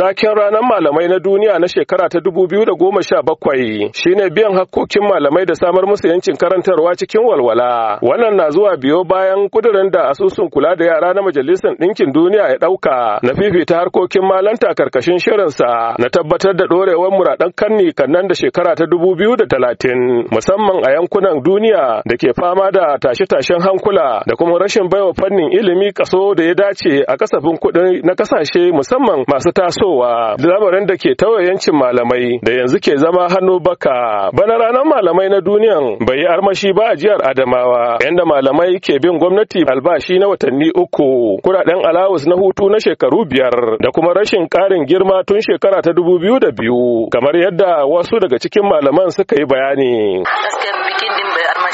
Taken ranar malamai na duniya na shekara ta dubu biyu da goma sha bakwai shine biyan hakkokin malamai da samar musu yancin karantarwa cikin walwala. Wannan na zuwa biyo bayan kudirin da asusun kula da yara na Majalisar Ɗinkin Duniya ya ɗauka na fifita harkokin malanta karkashin shirinsa na tabbatar da ɗorewar muradan kanni kannan da shekara ta dubu biyu da talatin musamman a yankunan duniya da ke fama da tashe-tashen hankula da kuma rashin baiwa fannin ilimi kaso da ya dace a kasafin kuɗi na kasashe musamman masu taso tasowa lamarin da ke tawaye yancin malamai da yanzu ke zama hannu baka bana ranar malamai na duniyan bai yi armashi ba a jihar adamawa yadda malamai ke bin gwamnati albashi na watanni uku kuɗaɗen alawus na hutu na shekaru biyar da kuma rashin ƙarin girma tun shekara ta dubu biyu da biyu kamar yadda wasu daga cikin malaman suka yi bayani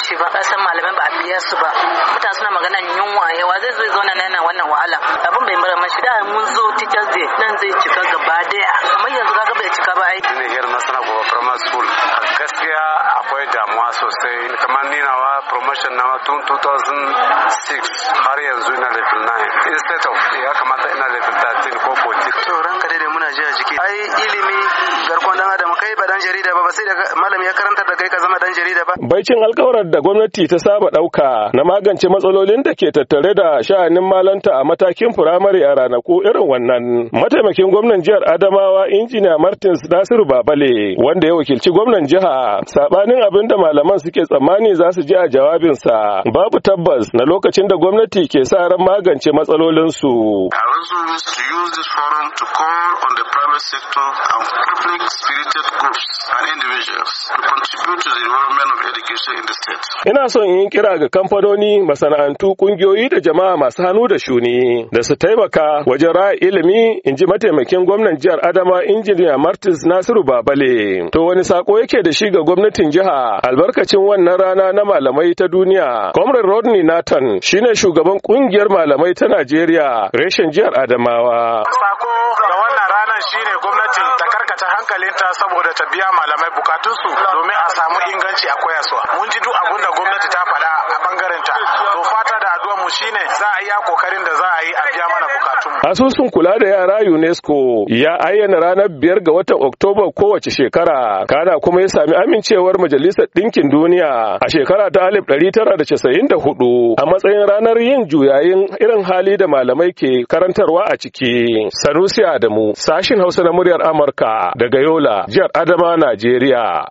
shi ba kasan malamai ba a biya su ba mutane suna magana yunwa yawa zai zo zauna na wannan wahala abin bai mara mashi da nan zai cika gaba daya kamar yanzu kaga bai cika ba ai ne yar na sana gobe primary school gaskiya akwai damuwa sosai kamar ni nawa promotion nawa tun 2006 har yanzu ina level 9 instead of ya kamata ina level 13 ko 14 to ranka dai muna ji a jiki ai ilimi garkon dan adam kai ba dan jarida ba ba sai da malam ya karanta da kai ka zama dan jarida ba baicin alkawarar da gwamnati ta saba dauka na magance matsalolin da ke tattare da sha'anin malanta a matakin firamare a ranaku irin wannan mataimakin gwamnan jihar Adamawa injiniya Martins Nasiru Babale wanda ya wakilci gwamnan jiha sabanin abin da malaman suke tsammani za su ji a sa babu tabbas na lokacin da gwamnati ke sa ran magance matsalolinsu. I also to use this forum to call on the private sector and quickly. civic spirited groups and individuals to contribute to the development of education in the state. Ina son yin kira ga kamfanoni, masana'antu, kungiyoyi da jama'a masu hannu da shuni da su taimaka wajen ra'a ilimi in ji mataimakin gwamnan jihar Adama injiniya Martins Nasiru Babale. To wani sako yake da shi ga gwamnatin jiha albarkacin wannan rana na malamai ta duniya. Comrade Rodney Nathan shine shugaban kungiyar malamai ta Najeriya reshen jihar Adamawa. Sako ga wannan ranar shine makaranta saboda ta biya malamai bukatunsu domin a samu inganci a koyaswa mun ji duk abin da gwamnati ta faɗa mu shine za a iya kokarin da za a yi a biya mana bukatun asusun kula da yara UNESCO ya ayyana ranar biyar ga watan Oktoba kowace shekara kana kuma ya sami amincewar majalisar ɗinkin duniya a shekara ta 1994 a matsayin ranar yin juyayin irin hali da malamai ke karantarwa a ciki Sanusi Adamu sashin Hausa na muryar Amurka daga Yola jihar Adama Najeriya